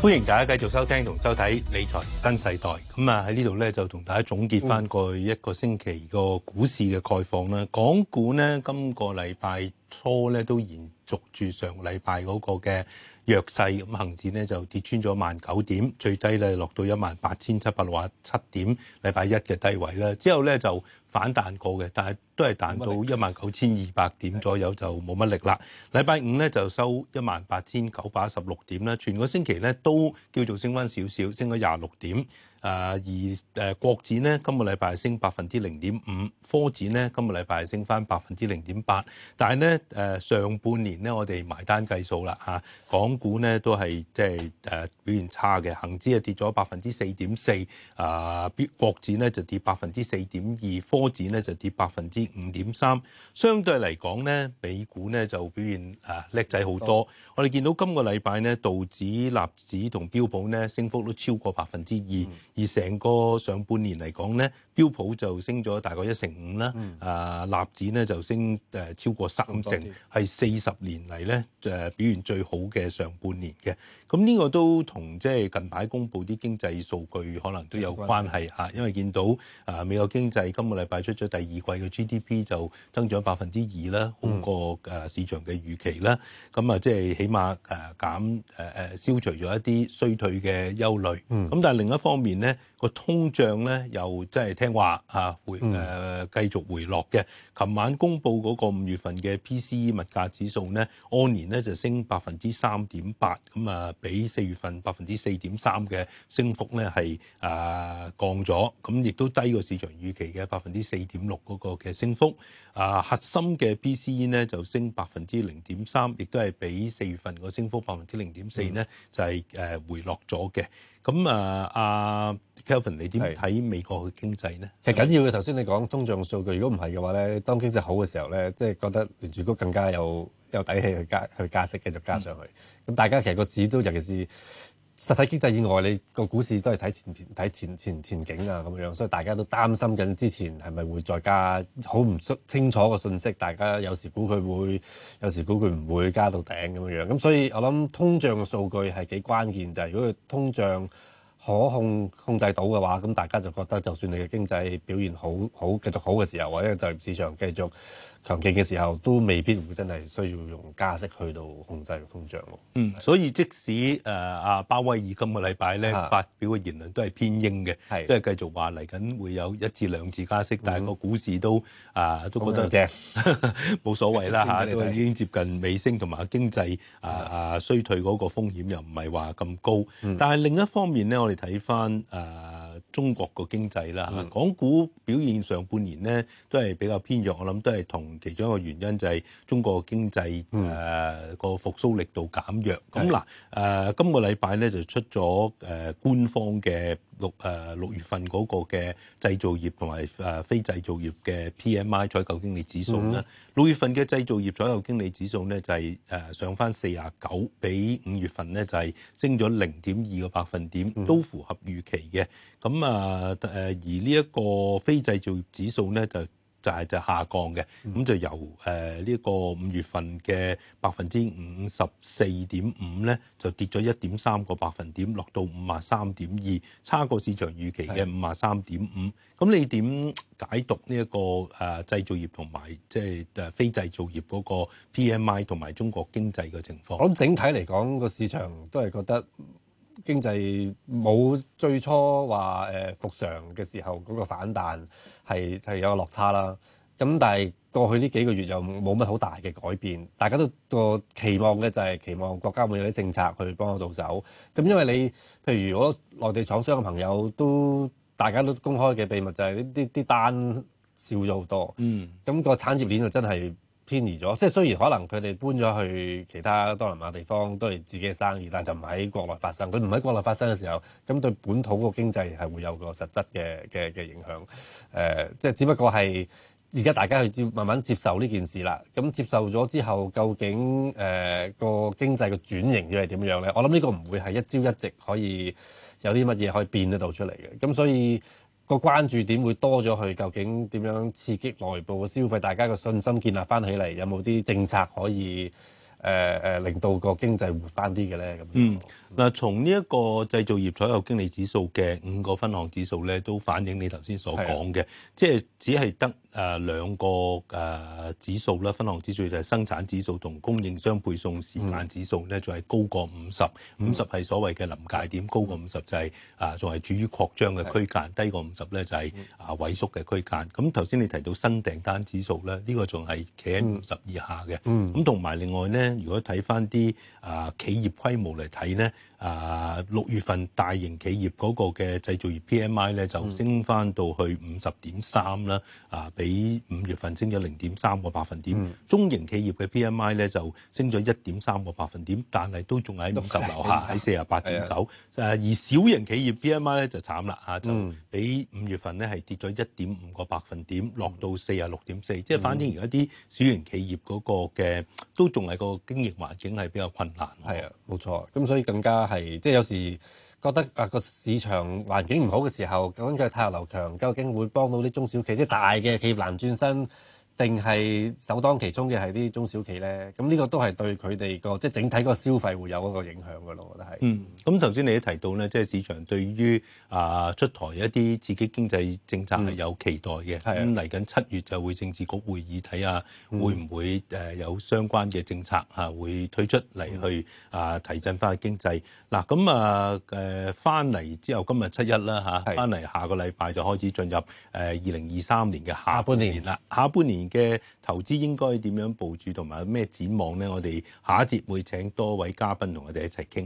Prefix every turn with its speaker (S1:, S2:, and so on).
S1: 歡迎大家繼續收聽同收睇《理財新世代》，咁啊喺呢度咧就同大家總結翻一個星期個股市嘅概況啦。港股呢，今個禮拜。初咧都延續住上個禮拜嗰個嘅弱勢，咁恆指咧就跌穿咗萬九點，最低咧落到一萬八千七百六十七點，禮拜一嘅低位啦。之後咧就反彈過嘅，但係都係彈到一萬九千二百點左右就冇乜力啦。禮拜五咧就收一萬八千九百一十六點啦，全個星期咧都叫做升翻少少，升咗廿六點。誒而誒國指咧，今個禮拜升百分之零點五，科指咧，今個禮拜升返百分之零點八。但係咧誒上半年咧，我哋埋單計數啦嚇，港股咧都係即係誒表現差嘅，恆指啊跌咗百分之四點四，啊國指咧就跌百分之四點二，科指咧就跌百分之五點三。相對嚟講咧，美股咧就表現誒叻仔好多。多多我哋見到今個禮拜咧道指、納指同標普咧升幅都超過百分之二。多多而成個上半年嚟講呢，標普就升咗大概一成五啦、嗯，啊納指咧就升誒超過三成，係四十年嚟咧誒表現最好嘅上半年嘅。咁呢個都同即係近排公布啲經濟數據可能都有關係嚇，嗯、因為見到啊美國經濟今個禮拜出咗第二季嘅 GDP 就增長百分之二啦，好過誒市場嘅預期啦。咁啊即係起碼誒減誒消除咗一啲衰退嘅憂慮。咁、嗯、但係另一方面咧，個通脹咧又即係聽。話啊，回誒、呃、繼續回落嘅。琴晚公布嗰個五月份嘅 PCE 物價指數呢，按年呢就升百分之三點八，咁、嗯、啊比四月份百分之四點三嘅升幅呢係啊、呃、降咗，咁、嗯嗯、亦都低過市場預期嘅百分之四點六嗰個嘅升幅。啊核心嘅 PCE 呢就升百分之零點三，亦都係比四月份個升幅百分之零點四呢、嗯、就係、是、誒、呃、回落咗嘅。咁啊，阿 Kelvin，你點睇美國嘅經濟呢？其實緊要嘅頭先
S2: 你講通脹數據，如果唔係嘅話咧，當經濟好嘅時候咧，即係覺得聯儲局更加有有底氣去加去加息，繼續加上去。咁、嗯、大家其實個市都尤其是。實體經濟以外，你個股市都係睇前前睇前前前景啊咁樣，所以大家都擔心緊之前係咪會再加，好唔清楚個信息，大家有時估佢會，有時估佢唔會加到頂咁樣。咁所以我諗通脹嘅數據係幾關鍵，就係如果佢通脹，可控控制到嘅話，咁大家就覺得就算你嘅經濟表現好好繼續好嘅時候，或者就業市場繼續強勁嘅時候，都未必會真係需要用加息去到控制通脹咯。嗯，所以即使誒
S1: 阿、呃、鮑威爾今個禮拜咧發表嘅言論都係偏鷹嘅，係的都係繼續話嚟緊會有一至兩次加息，但係個股市都、嗯、啊都覺得正，冇 所謂啦嚇，看你看都已經接近尾聲同埋經濟啊啊衰退嗰個風險又唔係話咁高。嗯、但係另一方面咧，我哋睇翻誒中國個經濟啦，港股表現上半年咧都係比較偏弱，我諗都係同其中一個原因就係、是、中國經濟誒個復甦力度減弱。咁嗱誒，今個禮拜咧就出咗誒官方嘅。六誒六月份嗰個嘅製造業同埋誒非製造業嘅 PMI 採購經理指數啦，六、mm hmm. 月份嘅製造業採購經理指數咧就係、是、誒、uh, 上翻四啊九，比五月份咧就係、是、升咗零點二個百分點，mm hmm. 都符合預期嘅。咁啊誒而呢一個非製造業指數咧就，就下降嘅，咁、嗯、就由誒呢、呃這個五月份嘅百分之五十四點五咧，就跌咗一點三個百分點落到五啊三點二，差過市場預期嘅五啊三點五。咁你點解讀呢、這、一個誒製、呃、造業同埋即係誒非製造業嗰
S2: 個 PMI 同埋中國經濟嘅情況，我諗整體嚟講個市場都係覺得。經濟冇最初話誒、呃、復常嘅時候嗰個反彈係係有個落差啦。咁但係過去呢幾個月又冇乜好大嘅改變，大家都個期望嘅就係、是、期望國家會有啲政策去幫我哋手。咁因為你譬如我內地廠商嘅朋友，都大家都公開嘅秘密就係啲啲啲單少咗好多。嗯，咁個產業鏈就真係。偏移咗，即係雖然可能佢哋搬咗去其他多倫馬地方，都係自己嘅生意，但係就唔喺國內發生。佢唔喺國內發生嘅時候，咁對本土個經濟係會有個實質嘅嘅嘅影響。誒、呃，即係只不過係而家大家去接慢慢接受呢件事啦。咁、嗯、接受咗之後，究竟誒個、呃、經濟嘅轉型又係點樣咧？我諗呢個唔會係一朝一夕可以有啲乜嘢可以變得到出嚟嘅。咁、嗯、所以。個關注點會多咗，去究竟點樣刺激內部嘅消費？大家嘅信心建立翻起嚟，有冇啲政策可以誒誒、呃、令到個經濟活翻啲嘅咧？咁樣。嗯，嗱，
S1: 從呢一個製造業採購經理指數嘅五個分項指數咧，都反映你頭先所講嘅，的即係只係得。誒兩個誒指數啦，分項指數就係生產指數同供應商配送時間指數咧，就係高過五十，五十係所謂嘅臨界點，高過五十就係啊仲係處於擴張嘅區間，低過五十咧就係啊萎縮嘅區間。咁頭先你提到新訂單指數咧，呢個仲係企喺五十以下嘅。咁同埋另外咧，如果睇翻啲啊企業規模嚟睇咧，啊六月份大型企業嗰個嘅製造業 P M I 咧就升翻到去五十點三啦，啊比，比五月份升咗零點三個百分點，嗯、中型企業嘅 PMI 咧就升咗一點三個百分點，但係都仲喺五十樓下，喺四啊八點九。誒，而小型企業 PMI 咧就慘啦，啊、嗯、就比五月份咧係跌咗一點五個百分點，落到四啊六點四。即係反正而家啲小型企業嗰個
S2: 嘅都仲係個經營環境係比較困難。係啊，冇錯。咁所以更加係即係有時。覺得啊個市場環境唔好嘅時候，究竟係汰弱留強，究竟會幫到啲中小企，即、就係、大嘅企業難轉身。定係首當其衝嘅係啲中小企咧，咁、這、呢個都係對佢哋個即係整體個消費會有一個影響噶咯，我覺得係。嗯，咁頭先你都提到咧，即係市場對於啊、呃、出台一啲刺激經濟政策
S1: 係有期待嘅，咁嚟緊七月就會政治局會議睇下會唔會誒有相關嘅政策嚇會推出嚟去啊提振翻經濟？嗱、嗯，咁啊誒翻嚟之後今日七一啦嚇，翻嚟、啊、的下個禮拜就開始進入誒二零二三年嘅下半年啦，下半年。的嘅投資應該點樣部署同埋咩展望咧？我哋下一節會請多位嘉賓同我哋一齊傾。